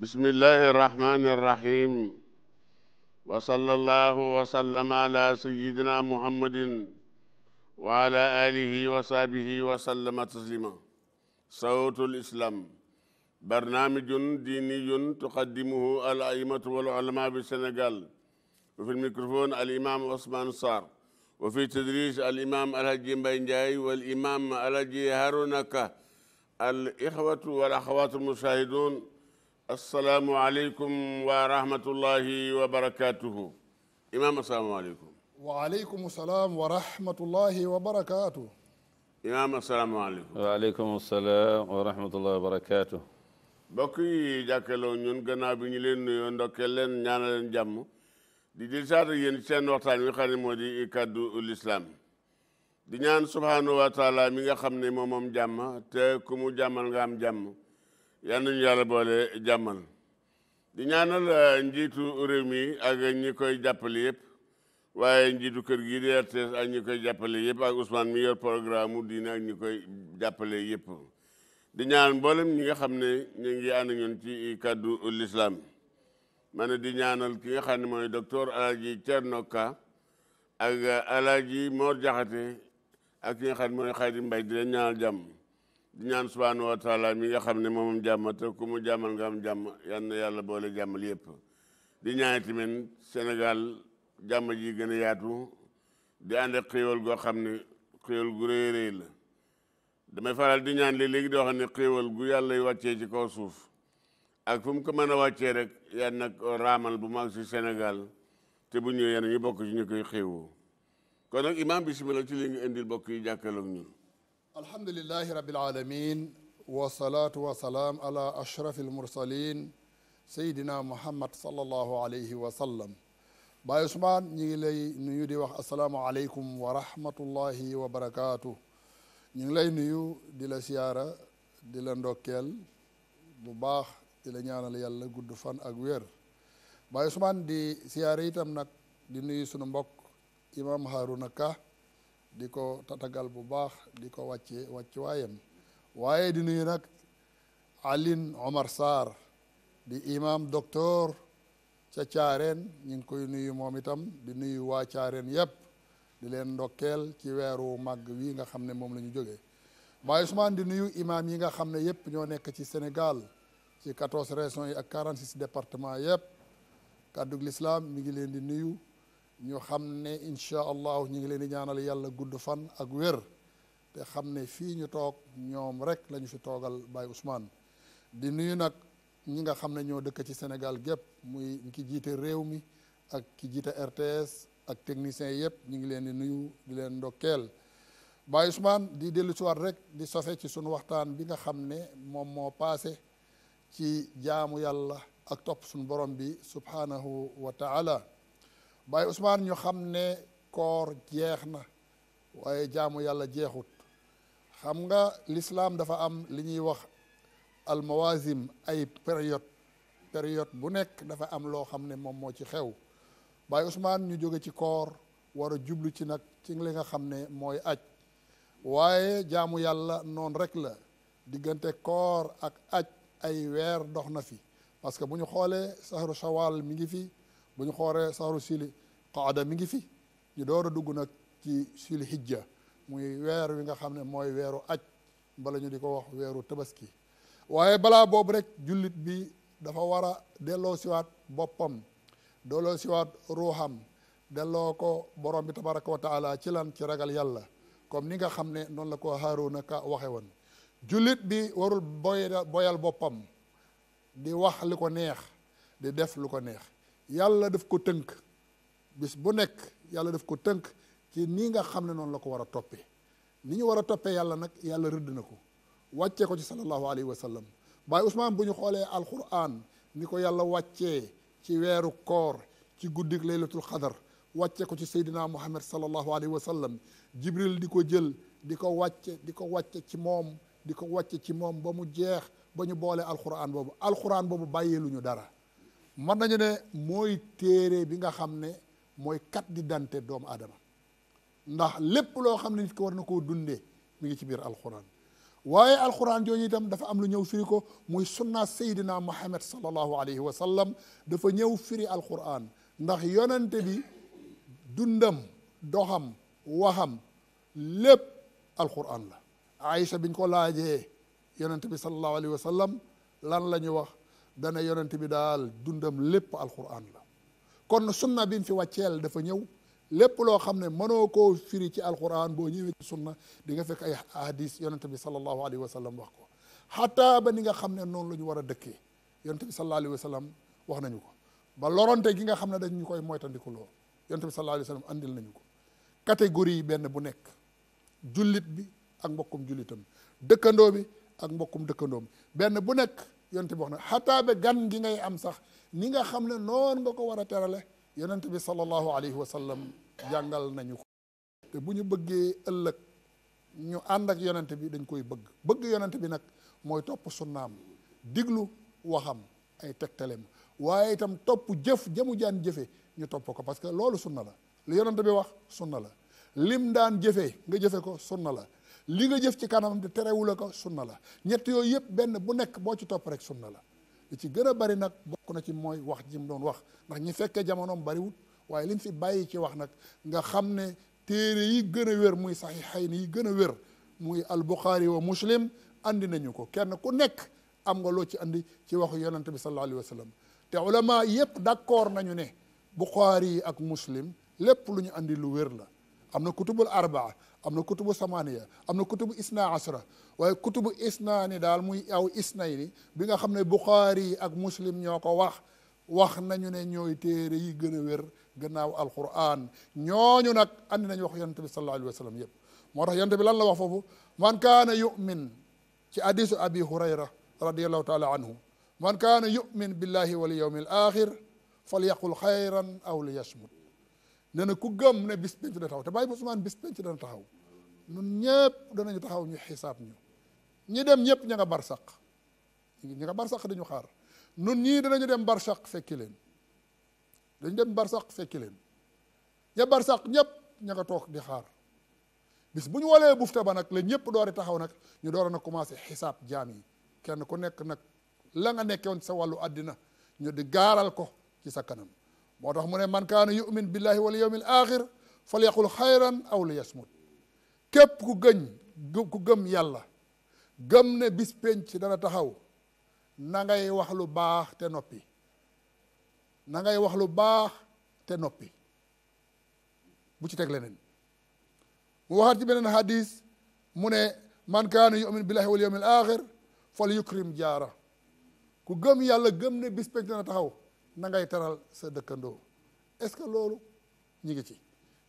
bismillahi irrahmani irrahim wa salla allahu wa sallama ala sayidina muhammadin wa ala alihi wa sahbihi wa sallama taslima sawtul islam barnaamijun diiniyun tuqaddimuhu al aimatu wal ulama bi Sénégal wa fi lmicrophone al imam Ousmane Sarr wa fi tadris al imam alhaji Mbaye Ndiaye wal imam alhaji Harouna Ka al ixwatu wal axawatu almushahidun assalaamu aleykum wa rahmatullahi wa barakatuhu imam assalaamu aleykum wa aleykum salaam wa rahmatullahi wa barakatuh imaam asalaamaaleykum waaleykum asalaam wa rahmatullahi wa barakaatu mbokk yi jàkkaloo ñun gannaaw bi ñu leen nuyoo ndokkeel leen ñaana leen jàmm di di saata yéen seen waxtaan wi xam ne moo di kaddu lislaam di ñaan subhaanahu wa taala mi nga xam ne moom moom jàmm te ku jàmmal nga am jàmm yal nañu yàlla boole jàmmal di ñaanal njiitu réew mi ak ñi koy jàppale yëpp waaye njiitu kër gi di RTS ak ñi koy jàppale yëpp ak Ousmane mi yor programme mu diine ak ñi koy jàppale yépp di ñaan mboolem ñi nga xam ne ñu ngi ànd ñun ci kàddu l'islam ma ne di ñaanal ki nga xam ne mooy docteur Alaaji Thierno Ka ak yi Mor Jaxate ak ki nga xam ne mooy Mbay di leen jàmm di ñaan subhaanahu mi nga xam ne moomam jàmm te ku mu jàmmal nga am jàmm yan yàlla boole jàmmal yëpp di ñaan tamit Sénégal jàmm ji gën a yaatu di ànd ak xéewal goo xam ne xéewal gu rëy rëy la damay faral di ñaan li léegi di wax ne xéewal gu yàlla wàccee ci kaw suuf ak fu mu ko mën a wàccee rek yan nag raamal bu mag si Sénégal te bu ñëwee yéen ñu bokk ci ñu koy xéewoo kon nag imaam bisimilah ci li nga indil mbokk yi jàkkaarloog ñun. alhamdulilahi rabil aalamiin wasalaatu wasalaam ala ashrafil mursalin sayyidina muhammad sallallahu alayhi wa Baye Ousmane ñu ngi lay nuyu di wax asalaamualeykum wa rahmatullahi wa barakaatu ñu ngi lay nuyu di la siyaara di la ndokkeel bu baax di la ñaanal yàlla gudd fan ak wér Baye Ousmane di siyaara itam nag di nuyu sunu mbokk imam Haruna Ka di ko tatagal bu baax di ko wàcce wàcc waayam waaye di nuyu nag Aline Omar Sarr di imam docteur ca caareen ñu ngi koy nuyu moom itam di nuyu waa caareen yépp di leen ndokkeel ci weeru màgg wi nga xam ne moom la ñu jógee waaye Ousmane di nuyu imaam yi nga xam ne yépp ñoo nekk ci Sénégal ci quatorze régions yi ak quarante six départements yépp kàddug lislaam mi ngi leen di nuyu ñu xam ne incha allahu ñu ngi leen di ñaanal yàlla gudd fan ak wér te xam ne fii ñu toog ñoom rek lañu fi toogal Baye Ousmane di nuyu nag ñi nga xam ne ñoo dëkk ci Sénégal gépp muy ki jiite réew mi ak ki jiite RTS ak techniciens yëpp ñu ngi leen di nuyu di leen ndokkeel Baye Ousmane di dellu si waat rek di sofe ci sunu waxtaan bi nga xam ne moom moo paase ci jaamu yàlla ak topp sunu borom bi subhanahu wa taala Baye Ousmane ñu xam ne koor jeex na waaye jaamu yàlla jeexut xam nga l'islam dafa am li ñuy wax al mawazim ay période période bu nekk dafa am loo xam ne moom moo ci xew Baye Ousmane ñu jóge ci koor war a jublu ci nag ci li nga xam ne mooy aj waaye jaamu yàlla noon rek la diggante koor ak aj ay weer dox na fi parce que bu ñu xoolee saxaru shawal mi ngi fi bu ñu xoolee saxaru sili qaada mi ngi fi ñu door a dugg nag ci sili hijja muy weer wi nga xam ne mooy weeru aj bala ñu di ko wax weeru tabaski waaye balaa boobu rek jullit bi dafa war a delloo siwaat boppam delloo siwaat ruuxam delloo ko borom bi tabaraka wa taala ci lan ci ragal yàlla comme ni nga xam ne noonu la ko Haaruna ka waxe woon jullit bi warul boy boyal boppam di wax li ko neex di def lu ko neex yàlla def ko tënk bis bu nekk yàlla def ko tënk ci nii nga xam ne noonu la ko war a toppee ni ñu war a toppee yàlla nag yàlla rëdd na ko wàccee ko ci sallallahu alayhi wa sallam Baay Ousmane bu ñu xoolee alquran ni ko yàlla wàccee ci weeru koor ci guddig laylatul xadar wàcce ko ci seydina muhammad sallallahu alayhi wa sallam jibril di ko jël di ko wàcce di ko wàcce ci moom di ko wàcce ci moom ba mu jeex ba ñu boolee alxuraan boobu alxuraan boobu ñu dara mën nañu ne mooy téere bi nga xam ne mooy carte d'identité doomu aadama ndax lépp loo xam ne nit ko war na koo dundee mu ngi ci biir alquran waaye alquran jooju itam dafa am lu ñëw firi ko muy sunna sayyidina muhammad sallallahu alayhi wa sallam dafa ñëw firi alquran ndax yonente bi dundam doxam waxam lépp alquran la aïcha biñ ko laajee yonente bi sallallahu alayhi wa lan la ñu wax dana yonente bi daal dundam lépp alquran la kon sunna bi mu fi wàcceel dafa ñëw lépp loo xam ne mënoo koo firi ci alquran boo ñëwee ci sunna di nga fekk ay hadis yonente bi sallallahu alayhi wa sallam wax ko xataa ba ni nga xam ne noonu la ñu war a dëkkee yonente bi sallallahu wax nañu ko ba lorante gi nga xam ne dañu koy moytandiku loo yonente bi sallallahu alayhi wa nañu ko catégorie yi benn bu nekk jullit bi ak mbokkum jullitam dëkkandoo bi ak mbokkum dëkkandoom benn bu nekk yonente bi na xataa ba gan gi ngay am sax ni nga xam ne noonu nga ko war a terale yonent bi sallallahu alayhi wa sallam jàngal nañu ko te bu ñu bëggee ëllëg ñu ànd ak yonent bi dañ koy bëgg bëgg yonent bi nag mooy topp sunnaam diglu waxam ay tegtalem waaye itam topp jëf jamu jaan jëfe ñu topp ko parce que loolu sunna la li yonent bi wax sunna la lim daan jëfe nga jëfe ko sunna la li nga jëf ci kanam te terewula ko sunna la ñett yooyu yëpp benn bu nekk boo ci topp rek sunna la li ci gën a bari nag bokk na ci mooy wax ji mu doon wax ndax ñi fekkee jamonoom bariwut waaye lim fi bàyyi ci wax nag nga xam ne téere yi gën a wér muy saxiixayn yi gën a wér muy albuxaari wa muslim andi nañu ko kenn ku nekk am nga loo ci andi ci waxu yonent bi sallallahu alayhi wa sallam te ulama yépp d'accord nañu ne buxaari yi ak muslim lépp lu ñu andi lu wér la am na kutubul arbaa am na kutubu samaniya am na kutubu isna asra waaye kutubu isna ni daal muy aw isnayni bi nga xam ne buxaari ak muslim ñoo ko wax wax nañu ne ñooy téere yi gën a wér gannaaw alquran ñooñu nag andi nañ wax yonente bi sallallahu alayhi wa sallam yëpp moo tax yonente bi lan la wax foofu man kaana yumin ci hadisu abi hurayra radiallahu taala anhu man kaana yumin billahi wal yawmi al axir fal yaqul xayran aw li yasmut nee na ku gëm ne bis penc dana taxaw te bàyyi ba Ousmane bis penc dana taxaw ñun ñëpp danañu taxaw ñu xisaab ñu ñu dem ñëpp ña nga barsaq ña nga barsaq dañu xaar nun ñii danañu dem barsaq fekki leen dañu dem barsaq fekki leen ña barsaq ñëpp ña toog di xaar bis bu ñu walee bufta ba nag la ñëpp doori taxaw nag ñu door a na commencé xisaab jaam yi kenn ku nekk nag la nga nekkoon sa wàllu àddina ñu di gaaral ko ci sa kanam moo tax mu ne man kaana yumin billahi wal yawmil axir fol yaqul xayran aw li yasmut képp ku gëñ ku gëm yàlla gëm ne bis penc dana taxaw nangay ngay wax lu baax te noppi nangay wax lu baax te noppi bu ci teg leneen mu waxaat ci beneen hadis mu ne man kaana yumin billahi wal yawmil axir fal yukrim jaara ku gëm yàlla gëm ne bis penc dana taxaw na ngay teral sa dëkkandoo est-ce que loolu ñu ngi ci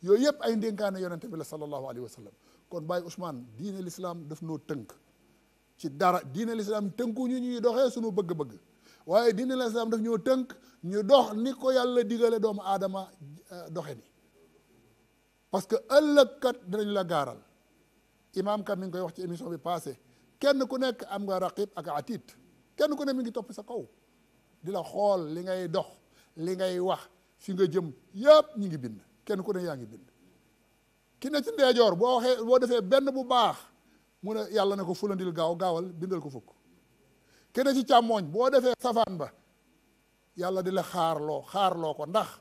yooyu yëpp ay ndénkaane yonente bi la sallallahu alayhi wa sallam kon bàyyi Ousmane diine l'islam daf noo tënk ci dara diine l'islam tënku ñu ñuy doxee suñu bëgg-bëgg waaye diine l'islam daf ñoo tënk ñu dox ni ko yàlla digale doomu aadama euh, doxe ni parce que ëllëg kat dinañ la gaaral imaam kat mi ngi koy wax ci émission bi passé kenn ku nekk am nga raqib ak atit kenn ku nekk mi ngi topp sa kaw di la xool li ngay dox li ngay wax fi nga jëm yëpp ñi ngi bind kenn ku ne yaa ngi bind ki ne ci ndeejoor boo waxee boo defee benn bu baax mu ne yàlla ne ko fulandil gaaw gaawal bindal ko fukk ki ne càmmooñ boo defee safaan ba yàlla di la xaarloo xaarloo ko ndax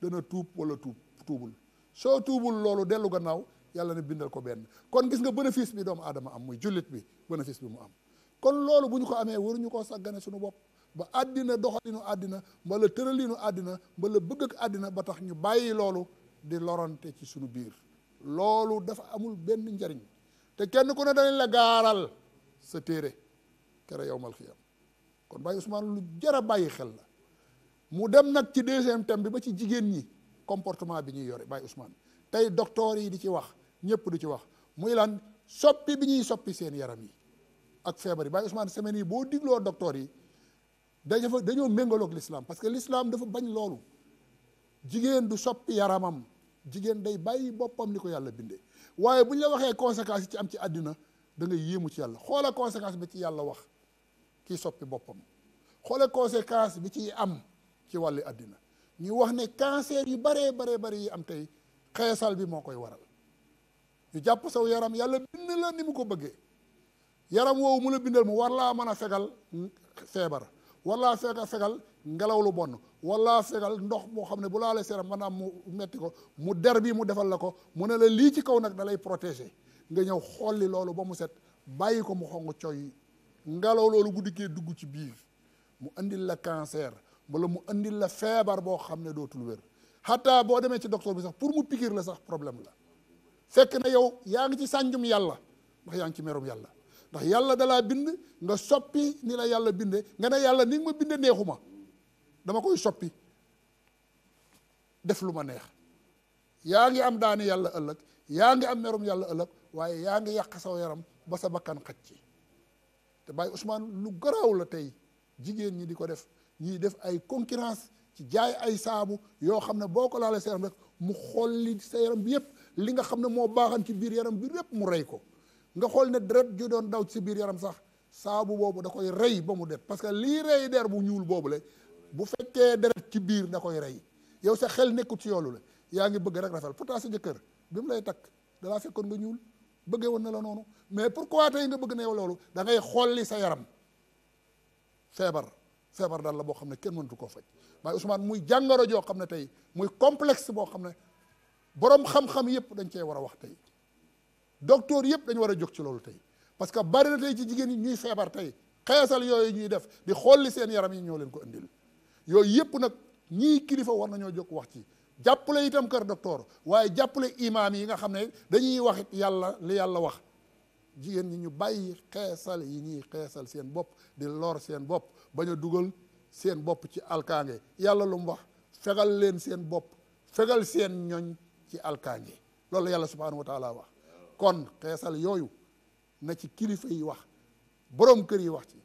dana tuub wala tuub tuubul soo tuubul loolu dellu gannaaw yàlla ne bindal ko benn kon gis nga bénéfice bi doomu aadama am muy jullit bi bénéfice bi mu am kon loolu bu ñu ko amee waruñu koo sàggane suñu bopp ba àddina doxalinu àddina mbala tëralinu àddina mbala bëgg ak àddina ba tax ñu bàyyi loolu di lorante ci suñu biir loolu dafa amul benn njariñ te kenn ku ne dañ la gaaral sa téere kere yowmal xiyam kon bàyyi Ousmane lu jar bàyyi xel la mu dem nag ci deuxième thème bi ba ci jigéen ñi comportement bi ñuy yore bàyyi Ousmane tey docteur yi di ci wax ñëpp di ci wax muy laan soppi bi ñuy soppi seen yaram yi ak feebar yi bàyyi Ousmane semaine yi boo digloo docteur yi dafa dañoo méngaloog l'islam parce que l'islam dafa bañ loolu jigéen du soppi yaramam jigéen day bàyyi boppam ni ko yàlla bindee waaye bu ñu la waxee conséquence yi ci am ci àddina dangay nga yéemu ci yàlla xoola conséquence bi ci yàlla wax kii soppi boppam xoola conséquence bi ci am ci wàllu àddina ñu wax ne cancer yu baree baree bari yi am tey xeesal bi moo koy waral ñu jàpp saw yaram yàlla bind la ni mu ko bëggee yaram woowu mu la bindal mu war laa mën a fegal feebar wala seega segal ngelaw lu bon wala segal ndox moo xam ne bu laalee seeram maanaam mu metti ko mu der bii mu defal la ko mu ne la lii ci kaw nag da lay protéger nga ñëw xolli loolu ba mu set bàyyi ko mu xong coy ngelaw loolu bu dikkee dugg ci biir mu andil la cancer wala mu andil la feebar boo xam ne dootul wér xataa boo demee ci docteur bi sax pour mu pikiir la sax problème la fekk na yow yaa ngi ci sànjum yàlla ndax yaa ngi ci merum yàlla ndax yàlla dalaa bind nga soppi ni la yàlla binde nga ne yàlla ni ma binde neexu ma dama koy soppi def lu ma neex yaa ngi am daani yàlla ëllëg yaa ngi am merum yàlla ëllëg waaye yaa ngi yàq saw yaram ba sa bakkan xaj ci te Baye Ousmane lu garaaw la tey jigéen ñi di ko def ñiy def ay concurrence ci jaay ay saabu yoo xam ne boo ko laalee sa yaram rek mu xolli sa yaram bi yëpp li nga xam ne moo baaxan ci biir yaram bi yëpp mu rey ko nga xool ne deret ju doon daw ci biir yaram sax saabu boobu da koy rey ba mu def parce que lii rey der bu ñuul boobu le bu fekkee deret ci biir da koy rey yow sa xel nekkul ci yoolu la yaa ngi bëgg rek rafet pourtant sa jëkkër bi mu lay takk dalaa fekkoon nga ñuul bëggee woon na la noonu mais pour pourquoi tey nga bëgg na yow loolu da ngay xolli sa yaram feebar feebar daal la boo xam ne kenn mënutu koo faj waaye Ousmane muy jàngoro joo xam ne tey muy complexe boo xam ne boroom xam-xam yépp cee war a wax tey docteur yëpp dañu war a jóg ci loolu tey parce que bari na tey ci jigéen ñi ñuy feebar tey xeesal yooyu ñuy def di xool seen yaram yi ñoo leen ko indil yooyu yëpp nag ñii kilifa war nañoo jóg wax ci jàppale itam kër docteur waaye jàppale imaam yi nga xam ne dañuy wax it yàlla li yàlla wax jigéen ñi ñu bàyyi xeesal yi ñuy xeesal seen bopp di lor seen bopp bañ dugal seen bopp ci alkaange yàlla lu mu wax fegal leen seen bopp fegal seen ñoñ ci alkaange loolu la yàlla subhaanahu wa taala wax kon xeesal yooyu na ci kilifa yi wax boroom kër yi wax ci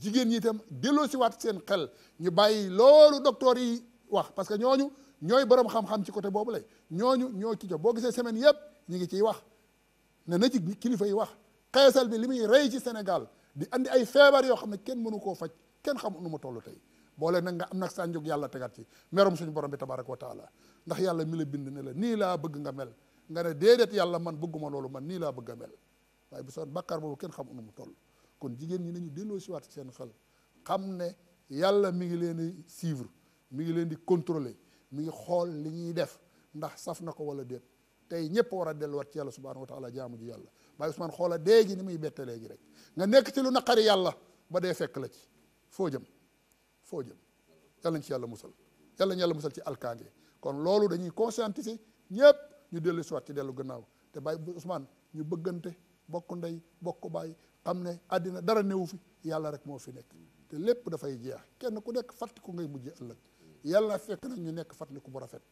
jigéen ñi itam delloo si waat seen xel ñu bàyyi loolu docteur yi wax parce que ñooñu ñooy boroom xam-xam ci côté boobu lay ñooñu ñoo ci jox boo gisee semaine yëpp ñu ngi ciy wax ne na ci kilifa yi wax xeesal bi li muy rey ci Sénégal di andi ay feebar yoo xam ne kenn mënu koo faj kenn xamul nu mu toll tey boole nag nga am nag sànjog yàlla tegaat ci merom suñu borom bi tabaraka wa taala ndax yàlla mi la bind ne la nii laa bëgg nga mel nga ne déedéet yàlla man bëgguma loolu man nii laa bëgg a mel waaye bu soon bàkkaar boobu kenn xamul nu mu toll kon jigéen ñi nañu delloo si waat seen xel xam ne yàlla mi ngi leen di suivre mi ngi leen di contrôler mi ngi xool li ñuy def ndax saf na ko wala déet tey ñëpp war a delluwaat ci yàlla subhanahu wa taala jaamu ji yàlla bàyyi Usmaan xoola dee gi ni muy bette léegi rek nga nekk ci lu naqari yàlla ba dee fekk la ci foo jëm foo jëm yàlla ñu ci yàlla musal yàlla ñu yàlla musal ci alkaange ñu dellu si ci dellu gannaaw te Baye Ousmane ñu bëggante bokk ndey bokk baay xam ne àddina dara newu fi yàlla rek moo fi nekk te lépp dafay jeex kenn ku nekk fàttaliku ngay mujj ëllëg yàlla fekk nag ñu nekk fàttaliku bu rafet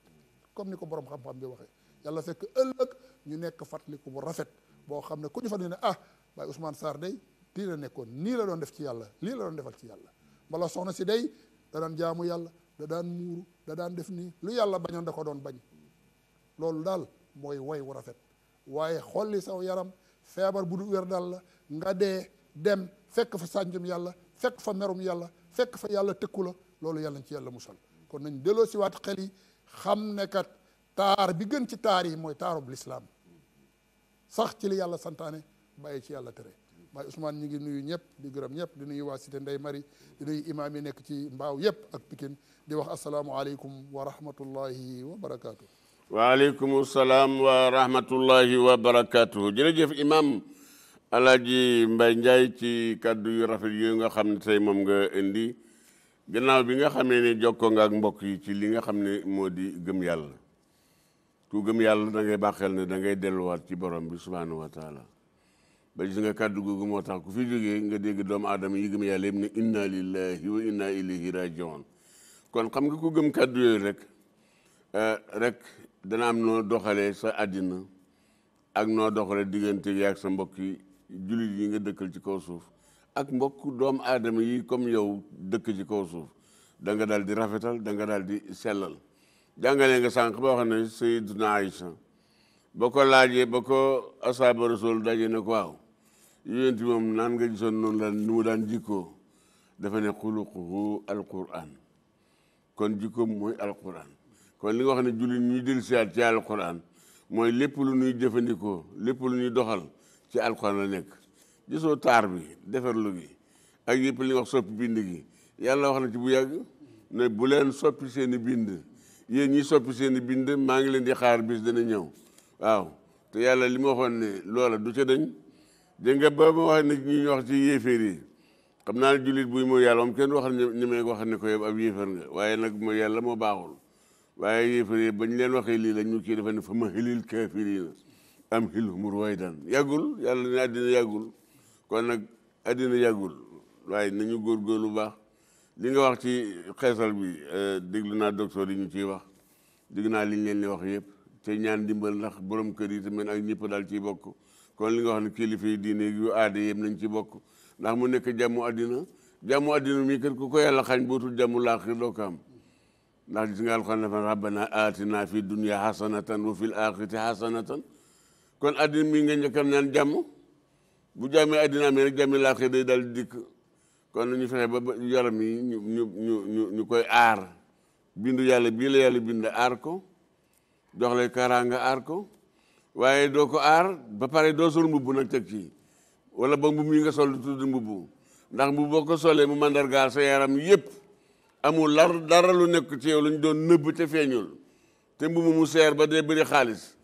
comme ni ko borom xam-xam bi waxee yàlla fekk ëllëg ñu nekk fàttaliku bu rafet boo xam ne ku ñu fa ne ah Baye Ousmane Sarr day lii la nekkoon nii la doon def ci yàlla lii la doon defal ci yàlla mbala soxna si day da daan jaamu yàlla da daan muuru da daan def nii lu yàlla bañoon da ko doon bañ loolu daal mooy woy wu rafet waaye xolli saw yaram feebar bu du wér dal la nga dee dem fekk fa sànjum yàlla fekk fa merum yàlla fekk fa yàlla tëkku loolu yàlla ci yàlla musal kon nañ delloo si waat xel yi xam ne kat taar bi gën ci taar yi mooy taarub lislaam sax ci li yàlla santaane bàyyi ci yàlla tere Baay Ousmane ñu ngi nuyu ñëpp di gërëm ñëpp di nuyu waa Cité Ndey Mari di nuyu imaam yi nekk ci mbaaw yëpp ak pikin di wax asalaamualeykum wa rahmatullahi wa barakaatu. waaleykum salaam wa rahmatullahi wa barakaatu jërëjëf imam alaaji Mbay Njaay ci kàddu yu rafet yooyu nga xam ne tey moom nga indi gannaaw bi nga xamee ne jokkoo nga ak mbokk yi ci li nga xam ne moo di gëm yàlla ku gëm yàlla da ngay baaxeel ne da delluwaat ci borom bi subhaanahu wa taala ba gis nga kàddu googu moo tax ku fi jógee nga dégg doomu aadama yi gëm yàlla yëpp ne inna lillahi wa inna ilayhi rajiun kon xam nga ku gëm kàddu yooyu rek eh, dana am noo doxalee sa àddina ak noo doxalee diggante yi ak sa mbokk yi jullit yi nga dëkkal ci kaw suuf ak mbokk doom aadama yi comme yow dëkk ci kaw suuf danga nga daal di rafetal danga nga daal di sellal jàngale nga sànq boo xam ne Sayyiduna Aïcha ba ko laajee ba ko asaaba sol daje ne ko waaw yonent bi moom naan nga gisoon noonu la nu mu daan jikkoo dafa ne xuluquhu alquran kon jikkoom mooy alquran kon li nga wax ne jullit ñuy dellusiwaat ci alquran mooy lépp lu ñuy jëfandikoo lépp lu ñuy doxal ci alquran la nekk gisoo taar bi defarlu gi ak yëpp li nga wax soppi bind gi yàlla wax na ci bu yàgg ne bu leen soppi seen i bind yéen ñi soppi seen i bind maa ngi leen di xaar bis dana ñëw waaw te yàlla li ma waxoon ne loola du ca dañ dégg nga ba ma wax ne ñi wax ci yéeféer yi xam naa ne jullit buy mooy yàlla moom kenn wax ñemee wax ne ko yow ab nga waaye nag mooy moo baaxul waaye yéefar yi bañ leen waxee lii la ñu kii dafa ne fa ma xilil kaafiriina am xilhum ruwaydan yàggul yàlla ne àddina yàggul kon nag àddina yàggul waaye nañu lu baax li nga wax ci xeesal bi euh, déglu naa docteur yi ñu ciy wax digg naa liñ leen di wax yëpp te ñaan dimbal ndax borom kër yi tamit ak ñëpp daal ciy bokk kon li nga wax ne kilifa yi diine yu aada yëpp nañ ci bokk ndax mu nekk jàmmu àddina jàmmu àddina mi kër ku ko yàlla xa bootul jàmmu laaxir doo am ndax gis nga alxuraan dafa rabbana atina fi dunya xasanatan wa fil axirati xasanatan kon addina mi nga njëkkam naan jàmm bu jàmmee addina amee rek jàmmi laaxira day dal dikk kon ñu fexe ba yaram yi ñu ñu ñu ñu koy aar bindu yàlla bii la yàlla bind aar ko jox lay kaaraanga aar ko waaye doo ko aar ba pare doo sol mbubb nag teg ci wala ba mbubb yi nga sol tudd mbubb ndax mbubb boo ko solee mu mandargaal sa yaram yépp amul lar dara lu nekk ci yow lu ñu doon nëbb te feeñul te mbubu mu seer ba dee bëri xaalis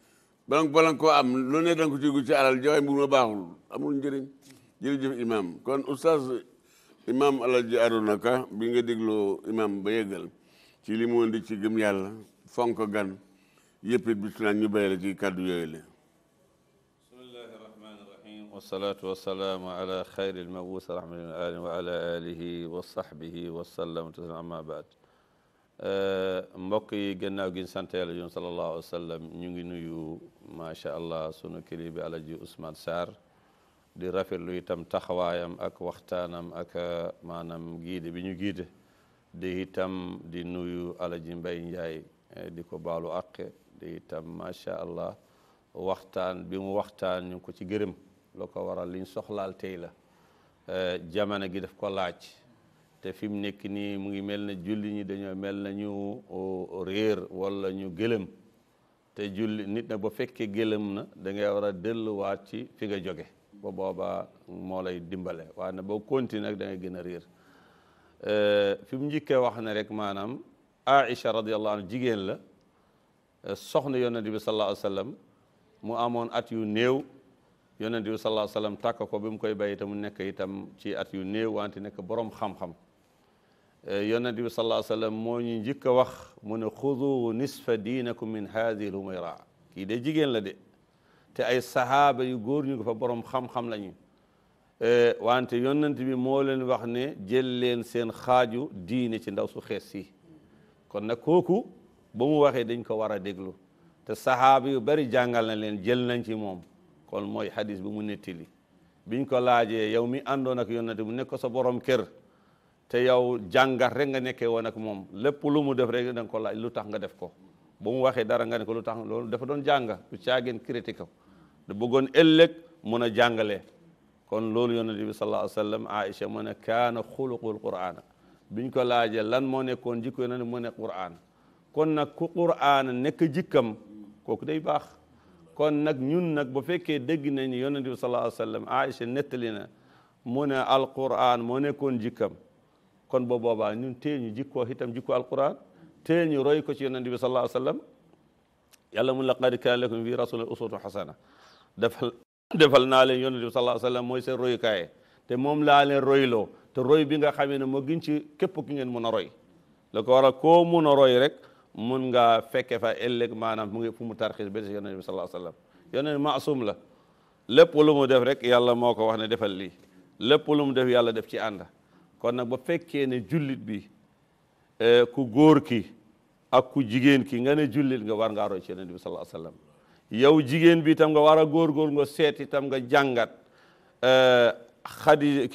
bala bala am lu ne danga ko ci gu ci alal joxe mbubu baaxul amul njëriñ jërëjëf imam kon oustaz imam Alaaji Arouna Ka bi nga dégloo imam ba yeggal ci li di ci gëm yàlla fonk gan yëpp it bis ñu béy ci kàddu yooyu la والصلاة والسلام على خير المبعوث رحمة للعالمين وعلى آله وصحبه وسلم تسليما أما بعد mbokk yi gannaaw gi ñu sant yàlla yoon sallallahu alayhi wa sallam ñu ngi nuyu macha allah sunu kili bi alaji Ousmane Sarr di rafetlu itam taxawaayam ak waxtaanam ak maanaam giide bi ñu giide di itam di nuyu alaji Mbay Njaay di ko baalu àq di itam macha allah waxtaan bi mu waxtaan ñu ngi ko ci gërëm la ko waral liñ soxlaal tey la eh, jamono gi def ko laaj te fi mu nekk nii mu ngi mel na julli ñi dañoo mel na ñu eh, réer wala ñu gëlëm te julli nit na ba fekkee gëlëm na dangay ngay war a delluwaat ci fi nga joge ba booba moo lay dimbale waaye na boo continué nag da gën a réer eh, fi mu njëkkee wax ne rek maanaam Aïcha radiallahu anha jigéen la soxna yonent bi sallallahu alayhi wa sallam mu amoon at yu néew yonent bi sallallahu alayhi wa tàkk ko bi mu koy bay itam mu nekk itam ci at yu néew wante nekk borom xam-xam e, yonent bi sallallahu alayhi moo ñu njëkk a wax mu ne xudu nisfa diinakum min haadihi l-humayra kii de jigéen la de te ay sahaaba yu góor ñu ko fa borom xam-xam lañu e, wante yonent bi moo leen wax ne jël leen seen xaaju diine ci ndaw su xees si kon nag kooku ba mu waxee dañ ko war a déglu te sahaaba yu bari jàngal na leen jël nañ ci moom kon mooy xadis bi mu nettali biñ ko laajee yow mi àndoon ak yonent bu nekk sa borom kër te yow jàngat rek nga nekkee woon ak moom lépp lu mu def rek da ko lu tax nga def ko ba mu waxee dara nga ne ko lu tax loolu dafa doon jànga lu caageen ko da bëggoon ëllëg mun a jàngalee kon loolu yonent bi sallallahu alayhi wa sallam kaana mu ne kaana xuluqul qur'ana biñ ko laajee lan moo nekkoon jikko yonent mu ne qur'an kon nag ku qur'an nekk jikkam kooku day baax kon nag ñun nag bu fekkee dégg nañu ni bi sallallahu alayhi wa sallam Aïcha nettali na mu ne alquran moo nekkoon jikkam kon boo boobaa ñun tee ñu jikkoo itam jikko alquran teel ñu roy ko ci yonent bi sallallahu alayhi wa sallam yàlla mun laqad kaana lakum fi rasulillah uswatun hasana defal defal naa leen yonent bi sallallahu alayhi wa sallam mooy seen royukaay te moom laa leen royloo te roy bi nga xamee ne moo gën ci képp ki ngeen mun a roy la waral koo mun roy rek mun nga fekke fa ëllëg maanaam mu ngi fu mu tarxis ba ci yonent bi sallallahu alayhi wa maasum la lépp lu mu def rek yàlla moo ko wax ne defal lii lépp lu mu def yàlla def ci ànd kon nag ba fekkee ne jullit bi eh, ku góor ki ak ku jigéen ki nga ne jullit nga war ngaa roy ci yonent bi sallallahu alayhi yow jigéen bi tam nga war a góorgóor nga seet tam nga jàngat eh, xadi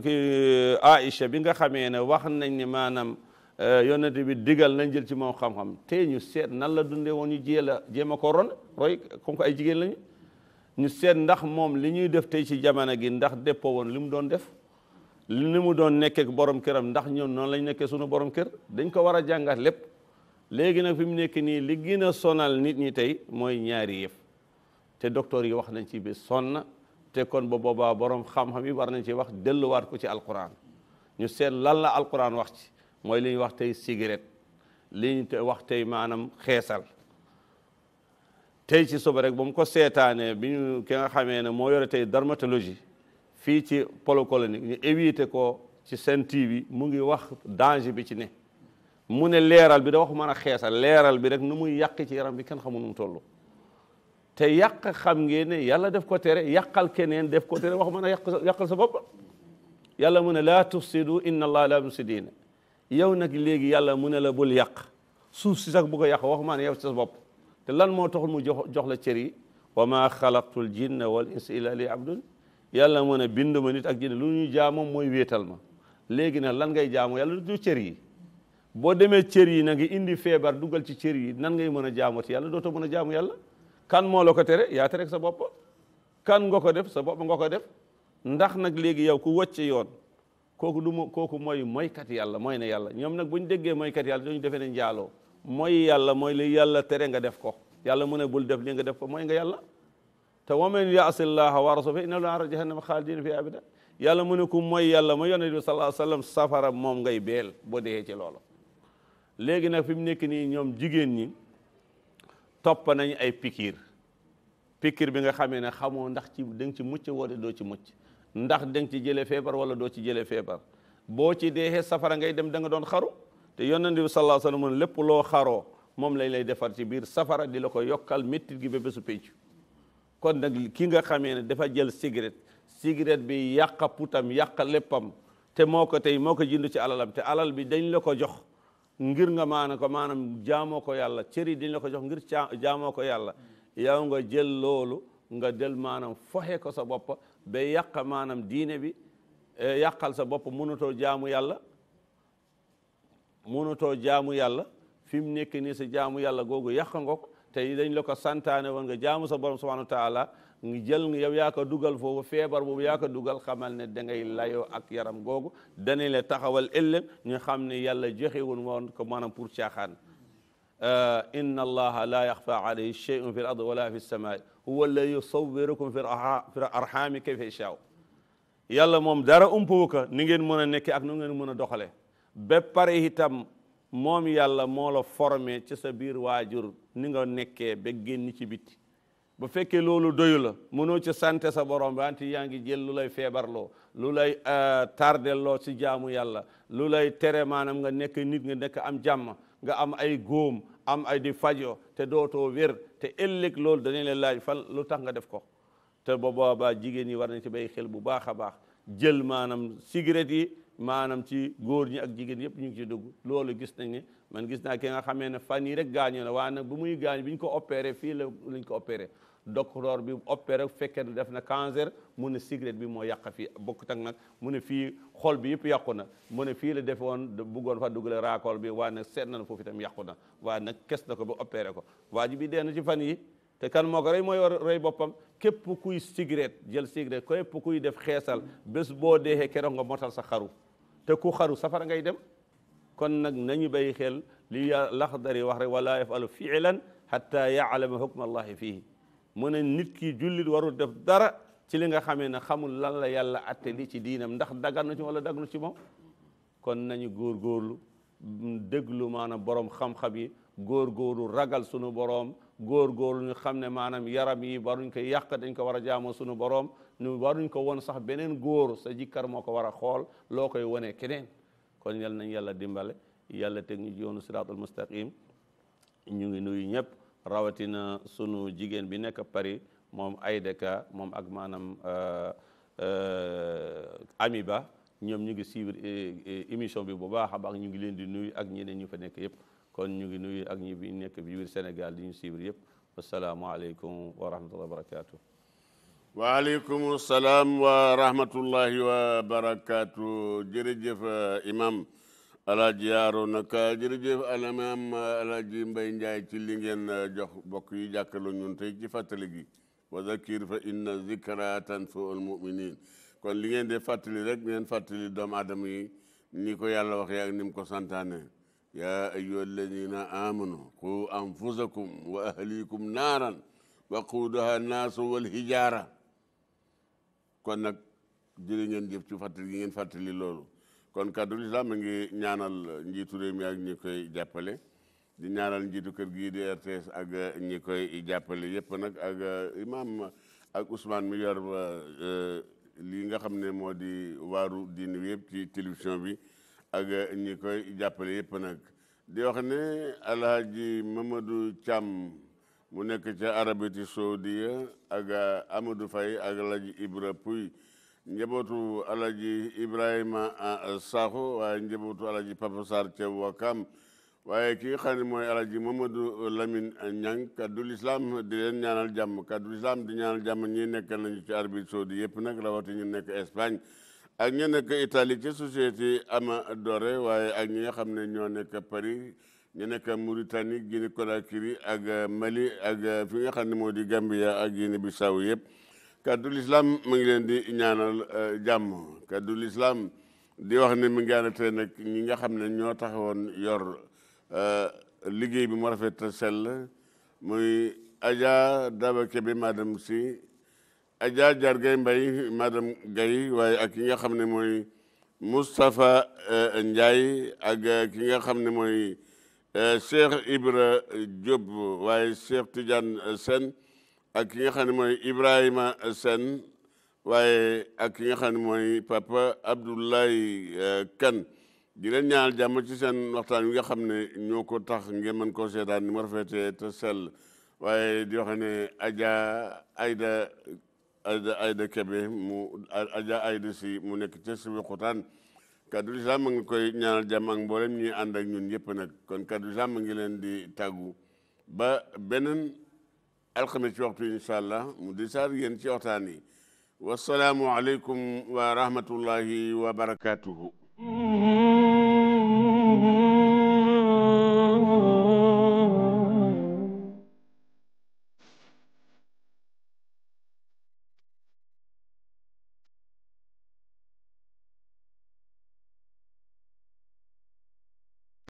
eh, bi nga xamee ne wax nañ ne Euh, yonent bi digal nañ jël ci moom xam-xam te ñu seet nan la dundee woon ñu jéem a jéem a ko ron roy comme ay jigéen lañu ñu seet ndax moom li ñuy def tey ci jamono gi ndax déppoo woon li mu doon def li mu doon nekkee borom këram ndax ñun noonu lañ nekkee sunu borom kër dañ ko war a jàngat lépp léegi nag fi mu nekk nii li gën a sonal nit ñi tey mooy ñaari yëf te docteur yi wax nañ ci bi sonna te kon ba boobaa borom xam-xam yi war nañ ci wax delluwaat ko ci alquran ñu seet lan la alquran wax ci. mooy li ñuy wax tey cigarette li ñu wax tey maanaam xeesal tey ci suba rek ba mu ko seetaanee bi ñu ki nga xamee ne moo yore tey dermatologie fii ci polo ni ñu éviter ko ci seen TV mu ngi wax danger bi ci ne mu ne leeral bi da wax mën a xeesal leeral bi rek nu muy yàq ci yaram bi kenn xamul nu mu toll te yàq xam ngeen yàlla def ko tere yàqal keneen def ko tere wax mën a yàq yàqal sa bopp yàlla mu ne laa tufsidu inna allaha laa mufsidiina yow nag léegi yàlla mun ne la bul yàq suuf si sax bu ko yàq waxuma ne yow sa bopp te lan moo taxul mu jox jox la cër yi wa maa xalaqtul jinna wal insa illa li abdun yàlla mu ne bind ma nit ak jinne lu ñu jaamoom mooy wéetal ma léegi nag lan ngay jaamu yàlla du cër yi boo demee cër yi na ngi indi feebar dugal ci cër yi nan ngay mën a jaamoti yàlla dootoo mun a jaamu yàlla kan moo la ko tere yaa tere sa bopp kan nga ko def sa bopp nga ko def ndax nag léegi yow ku wàcce yoon kooku du mu kooku mooy mooykat yàlla mooy ne yàlla ñoom nag bu ñu déggee mooykat yàlla dañu defee ne njaaloo mooy yàlla moy li yàlla tere nga def ko yàlla mu ne bul def li nga def ko mooy nga yàlla te waman yaasi llaha wa rasulahu fa inna lahu naara jahannama xaalidina fi abada yàlla mu ne ku mooy yàlla mooy yonent bi sallallahu alayhi wa sallam safara moom ngay beel boo dee ci loolu léegi nag fi mu nekk nii ñoom jigéen ñi topp nañu ay pikiir pikiir bi nga xamee ne xamoo ndax ci da ci mucc wala doo ci mucc ndax danga ci jëlee feebar wala doo ci jëlee feebar boo ci dee safara ngay dem danga doon xaru te yonent bi sallallahu alayhi wa sallam lépp loo xaroo moom lay lay defar ci biir safara di la ko yokkal méttit gi ba bésu pénc kon nag ki nga xamee ne dafa jël cigarette cigarette bi yàq putam yàq léppam te moo ko tey moo ko jënd ci alalam te alal bi dañ la ko jox ngir nga maana ko maanaam jaamoo ko yàlla cëri dañ la ko jox ngir jaamoo ko yàlla yaw nga jël loolu nga jël maanaam foxe ko sa bopp ba yàq maanaam diine bi eh, yàqal sa bopp mënutoo jaamu yàlla mënutoo jaamu yàlla fi mu nekk nii sa jaamu yàlla googu yàq nga ko te dañ la ko santaane woon nga jaamu sa borom subhanahu wa taala nga jël nga yow yaa dugal foofu feebar boobu yaa ko dugal xamal ne da ngay layoo ak yaram googu danañ la taxawal ëllëg ñu xam ne yàlla joxewul woon ko maanaam pour caaxaan eh, inna allaha la yaxfa alayhi sheyun fi l ard wala fi lsamai huwa la yusawwirukum fi arxaami kayfa yashaa yàlla moom dara umpuwu ko ni ngeen mën a nekkee ak nu ngeen mën a doxalee ba itam moom yàlla moo la formé ci sa biir waajur ni nga nekkee ba génn ci biti bu fekkee loolu doyu la mënoo ci sante sa borom wante yaa ngi jël lu lay feebarloo lu lay euh, tardeloo ci jaamu yàlla lu lay tere maanaam nga nekk nit nga nekk am jàmm nga am ay góom am ay di fajo te dootoo wér te ëllëg loolu danañ leen laaj fan lu tax nga def ko te ba boobaa jigéen ñi war nañ ci bay xel bu baax a baax jël maanaam cigarette yi maanaam ci góor ñi ak jigéen yëpp ñu ngi ci dugg loolu gis nañ ne man gis naa ki a xamee ne fan yi rek gaañu na waaye nag bu muy gaañ bi ñu ko opéré fii la lañ ko opéré docteur bi opéré fekkee ne def na cancer mu ne cigarette bi moo yàq fii bokkut ak nag mu ne fii xol bi yëpp yàqu na mu ne fii la defe woon bëggoon fa dugale raakool bi waa nag seet na ne foofu itam yàqu na waaye nag kes na ko ba opéré ko waa bi dee na ci fan yi te kan moo ko rey mooy rey boppam képp kuy cigarette jël cigarette képp kuy def xeesal bés boo deexee keroog nga motal sa xaru te ku xaru safara ngay dem kon nag nañu bay xel li Laxdari wax rek wala yafalu fiilan xatta yaalama hukma allahi fiihi mu ne nit ki jullit warul def dara ci li nga xamee ne xamul lan la yàlla atte li ci diinam ndax daggan na ci wala daggnu ci moom kon nañu góorgóorlu déglu maanaam borom xam-xam yi góorgóorlu ragal sunu boroom góorgóorlu ñu xam ne maanaam yaram yi waruñ ko yàq dañ ko war a jaamoo sunu boroom ñu waruñ ko won sax beneen góor sa jikkar moo ko war a xool loo koy wonee keneen kon yal nañ yàlla dimbale yàlla teg ñu ci yoonu siraatul mustaqim ñu ngi ñëpp rawatina sunu jigéen bi nekk pari moom Aïda Ka moom ak maanaam euh, euh, Ami Ba ñoom ñu ngi suivre euh, émission bi bu baax a baax ñu ngi leen di nuyu ak ñeneen ñu fa nekk yëpp kon ñu ngi nuyu ak ñi bi nekk biir Sénégal di ñu suivre yëpp wasalaamualeykum wa rahmatullahi wa barakaatu. waaleykum salaam wa rahmatullahi wa barakaatu jërëjëf imam alaaji yaaro nag jërëjëf alamam alaaji mbay njaay ci li ngeen eh, jox bokk yi jàkkaloo ñun tey ci fàttali gi wa zakir fa inna zikra tanfau al kon li ngeen di fàttali rek ngeen fàttali doomu aadama yi ni ko yàlla waxee ak ni ko santaane yaa ayyuha alladina amanu qu anfusakum wa ahlikum naaran waquuduha naasu wal hijaara kon nag jërë ngeen jëf ci fàttali gi ngeen fàttali loolu kon kàddu l'islam mi ngi ñaanal njiitu réew mi ak ñi koy jàppale di ñaanal njiitu kër gii di RTS ak ñi koy jàppale yëpp nag ak euh, imam ak Ousmane mi yor euh, lii nga xam ne moo di waaru diine yëpp ci télévision bi ak ñi koy jàppale yëpp nag di wax ne alhaji Mamadou Thiam mu nekk ca Arabie Saoudite ak Amadou Faye ak alhaji Ibra Pouy njabootu alaji Ibrahima Sakho waaye njabootu alaji Papa Sarr Thiaw Wakam waaye ki nga xam ne mooy alaji Mamadou Lamine Niang kaddu l'islam di leen ñaanal jàmm kaddu l'islam di ñaanal jàmm ñi nekk nañu ci Arabie Saoudite yëpp nag rawati ñu nekk Espagne ak ñu nekk Italie ci société Amadoré waaye ak ñi nga xam ne ñoo nekk Paris ñu nekk Mauritanie Guinée Conakry ak Mali ak fi nga xam ne moo di Gambia ak Guinée Bissau yëpp kaddu lislaam mu ngi leen di ñaanal eh, jàmm kaddu lislaam di wax ne mi ngi ànd tey ñi nga xam ne ñoo taxawoon yor eh, liggéey bi mu rafet a sell muy Adja Daba Kébé madame si Adja Diar Gaye madam madame Gaye waaye ak ki nga xam ne mooy Moustapha eh, Ndiaye ak ki nga xam ne mooy Cheikh Ibra Diop waaye Cheikh Tidiane Sène ak ki nga xam ne mooy Ibrahima Sène waaye ak ki nga xam ne mooy papa Abdoulaye euh, Kane di leen ñaanal jàmm ci seen waxtaan wi nga xam ne ñoo ko tax ngeen mën koo seetaan ni mu rafetee te sell waaye di wax ne Adja Aida Aida Aida Kébé mu Adja Aida si mu nekk ca Sébikotane Kaddu Islam ma ngi koy ñaanal jàmm ak mboolem ñuy ànd ak ñun yëpp nag kon Kaddu Islam ma ngi leen di tàggu ba alxames ci waxtu incha allah mu di saar yéen ci waxtaan yi wasalaamualeykum wa rahmatullahi wa barakatuhu